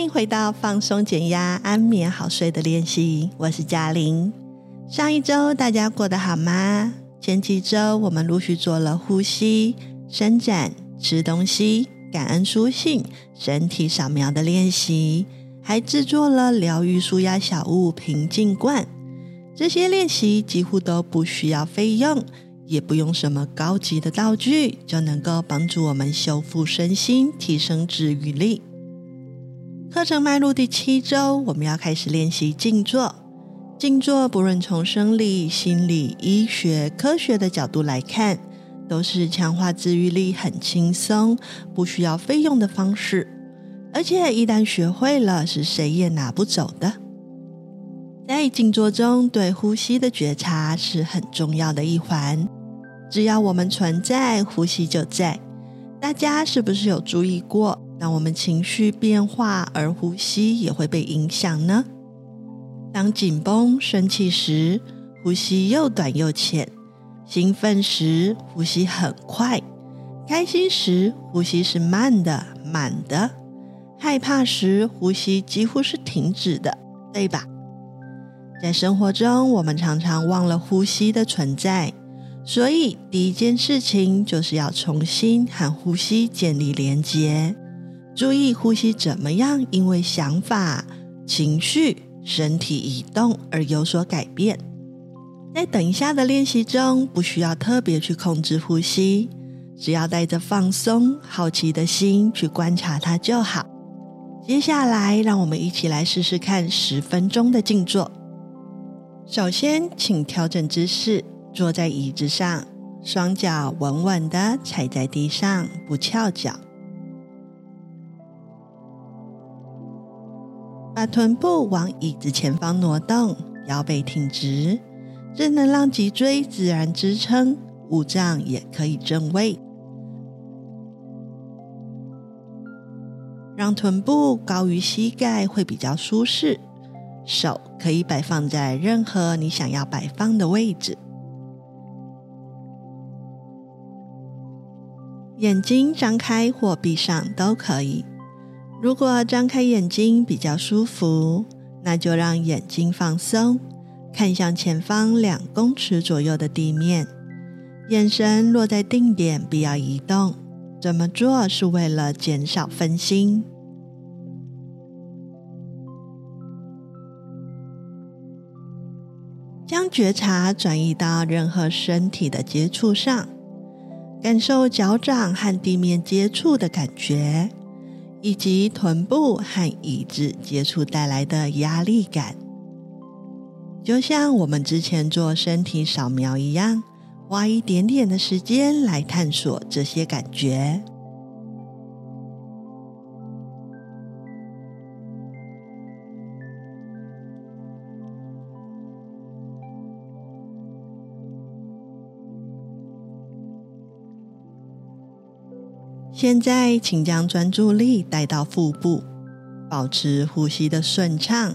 歡迎回到放鬆、減壓、安眠、好睡的練習，我是佳陵。上一週大家過得好嗎？前幾週我們陸續做了呼吸、伸展、吃東西、感恩書信、身體掃描的練習，還製作了療癒舒壓小物——平靜罐。這些練習幾乎都不需要費用，也不用什麼高級的道具，就能夠幫助我們修復身心，提升治癒力。課程邁入第七週，我們要開始練習靜坐。靜坐不論從生理、心理、醫學、科學的角度來看，都是強化自癒力很輕鬆、不需要費用的方式。而且一旦學會了，是誰也拿不走的。在靜坐中，對呼吸的覺察是很重要的一環。只要我們存在，呼吸就在。大家是不是有注意過？當我們情緒變化而呼吸也會被影響呢？當緊繃、生氣時，呼吸又短又淺；興奮時，呼吸很快；開心時，呼吸是慢的、滿的；害怕時，呼吸幾乎是停止的，對吧？在生活中，我們常常忘了呼吸的存在，所以第一件事情就是要重新和呼吸建立連接。注意呼吸怎麼樣，因為想法、情緒、身體移動而有所改變。在等一下的練習中，不需要特別去控制呼吸，只要帶着放鬆、好奇的心去觀察它就好。接下來，讓我們一起來試試看十分鐘的靜坐。首先，請調整姿勢，坐在椅子上，雙腳穩穩地踩在地上，不翹腳。把臀部往椅子前方挪動，腰背挺直，這能讓脊椎自然支撐，五臟也可以正位。讓臀部高於膝蓋會比較舒適，手可以擺放在任何你想要擺放的位置，眼睛張開或閉上都可以。如果張開眼睛比較舒服，那就讓眼睛放鬆，看向前方兩公尺左右的地面，眼神落在定點，不要移動。這麼做是為了減少分心。將覺察轉移到任何身體的接觸上，感受腳掌和地面接觸的感覺。以及臀部和椅子接觸帶來的壓力感，就像我們之前做身體掃描一樣，花一點點的時間來探索這些感覺。現在，請將專注力帶到腹部，保持呼吸的順暢。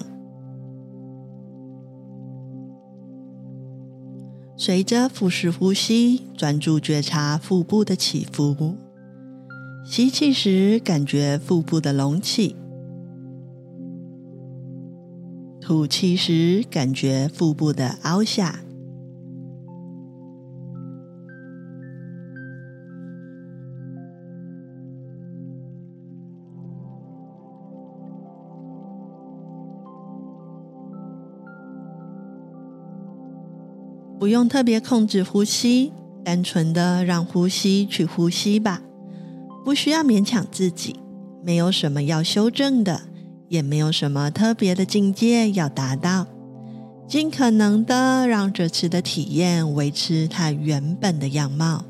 隨着腹式呼吸，專注覺察腹部的起伏。吸氣時，感覺腹部的隆起；吐氣時，感覺腹部的凹下。不用特別控制呼吸，單純的讓呼吸去呼吸吧，不需要勉強自己，沒有什麼要修正的，也沒有什麼特別的境界要達到，盡可能的讓這次的體驗維持它原本的樣貌，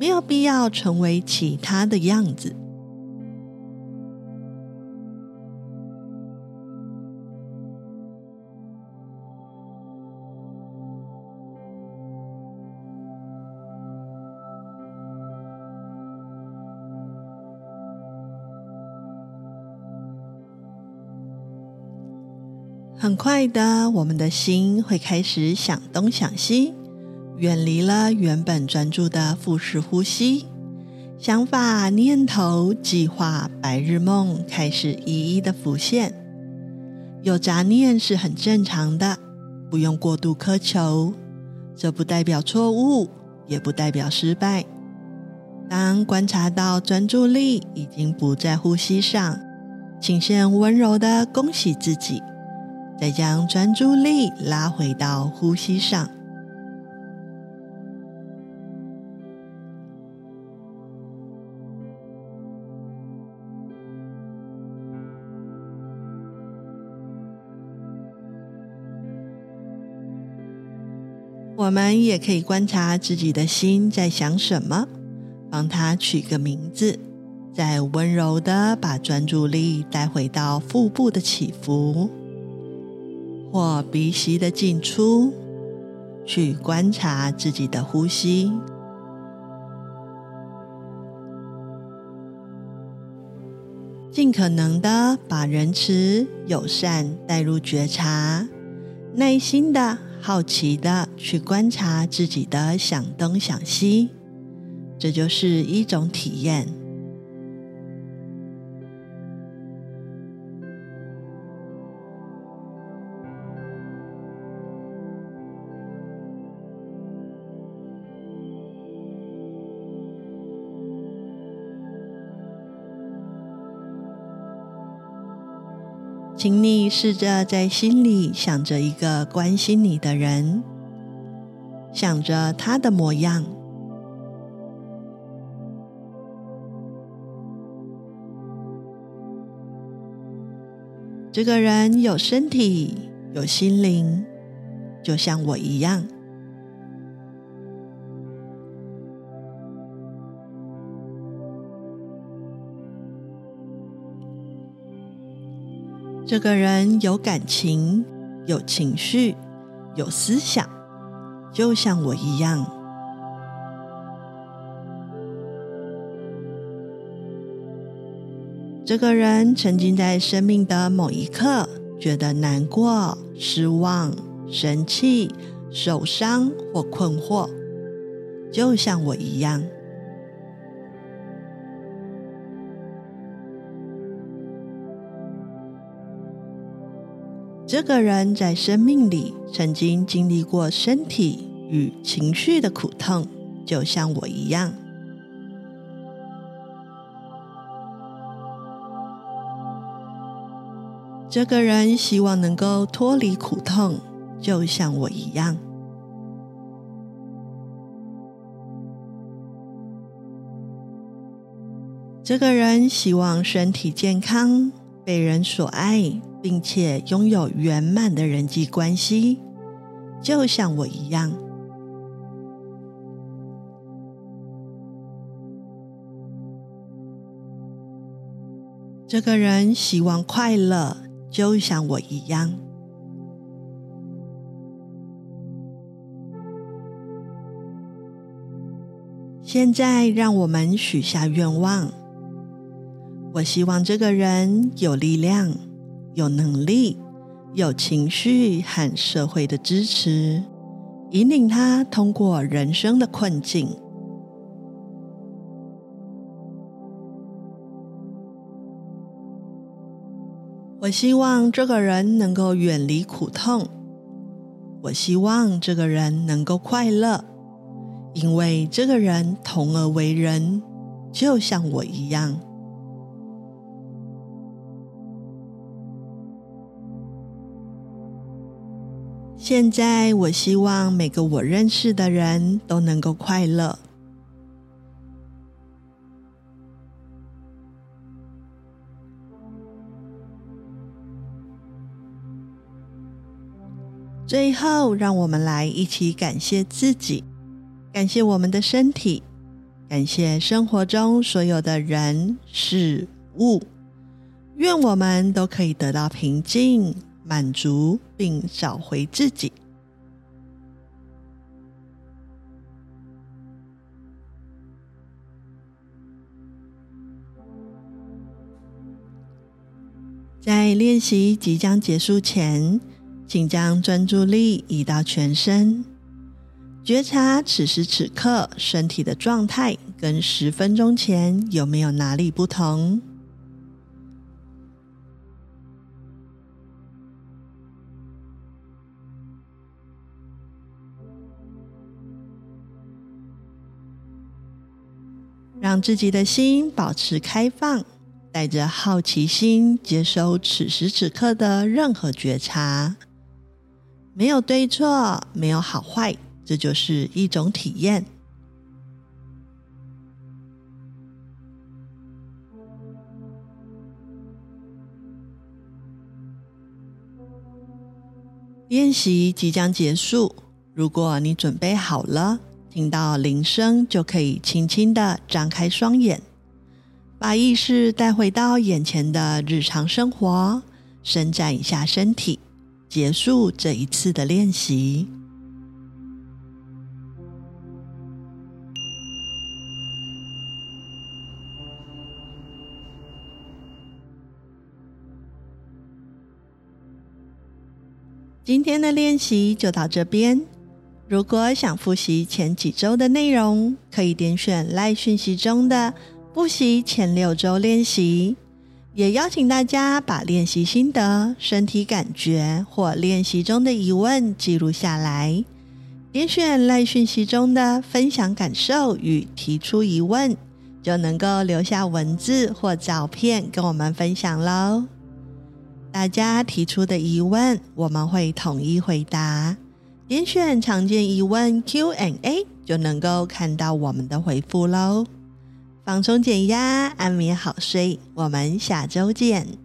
沒有必要成為其他的樣子。很快的，我們的心會開始想東想西，遠離了原本專注的腹式呼吸。想法、念頭、計劃、白日夢開始一一的浮現。有雜念是很正常的，不用過度苛求。這不代表錯誤，也不代表失敗。當觀察到專注力已經不在呼吸上，請先溫柔的恭喜自己。再將專注力拉回到呼吸上。我們也可以觀察自己的心在想什麼，幫它取個名字，再溫柔地把專注力帶回到腹部的起伏。或鼻息的進出，去觀察自己的呼吸，盡可能的把仁慈、友善帶入覺察，耐心的、好奇的去觀察自己的想東想西，這就是一種體驗。請你試着在心裡想着一個關心你的人，想着他的模樣。這個人有身體，有心靈，就像我一樣。這個人有感情，有情緒，有思想，就像我一樣。這個人曾經在生命的某一刻，覺得難過、失望、生氣、受傷或困惑，就像我一樣。這個人在生命裡曾經經歷過身體與情緒的苦痛，就像我一樣。這個人希望能夠脫離苦痛，就像我一樣。這個人希望身體健康，被人所愛。並且擁有圓滿的人際關係，就像我一樣。這個人希望快樂，就像我一樣。現在讓我們許下願望，我希望這個人有力量。有能力、有情緒和社會的支持，引領他通過人生的困境。我希望這個人能夠遠離苦痛，我希望這個人能夠快樂，因為這個人同而為人，就像我一樣。現在，我希望每個我認識的人都能夠快樂。最後，讓我們來一起感謝自己，感謝我們的身體，感謝生活中所有的人事物，願我們都可以得到平靜。滿足並找回自己。在練習即將結束前，請將專注力移到全身，覺察此時此刻身體的狀態跟十分鐘前有沒有哪裡不同？讓自己的心保持開放，帶着好奇心接受此時此刻的任何覺察。沒有對錯，沒有好壞，這就是一種體驗。練習即將結束，如果你準備好了。聽到鈴聲就可以輕輕的張開雙眼，把意識帶回到眼前的日常生活，伸展一下身體，結束這一次的練習。今天的練習就到這邊。如果想複習前幾週的內容，可以點選賴訊息中的“複習前六週練習”。也邀請大家把練習心得、身體感覺或練習中的疑問記錄下來，點選賴訊息中的“分享感受與提出疑問”，就能夠留下文字或照片跟我們分享嘍。大家提出的疑問，我們會統一回答。點選常見疑問 Q&A 就能夠看到我們的回復嘍。放鬆減壓，安眠好睡。我們下周見。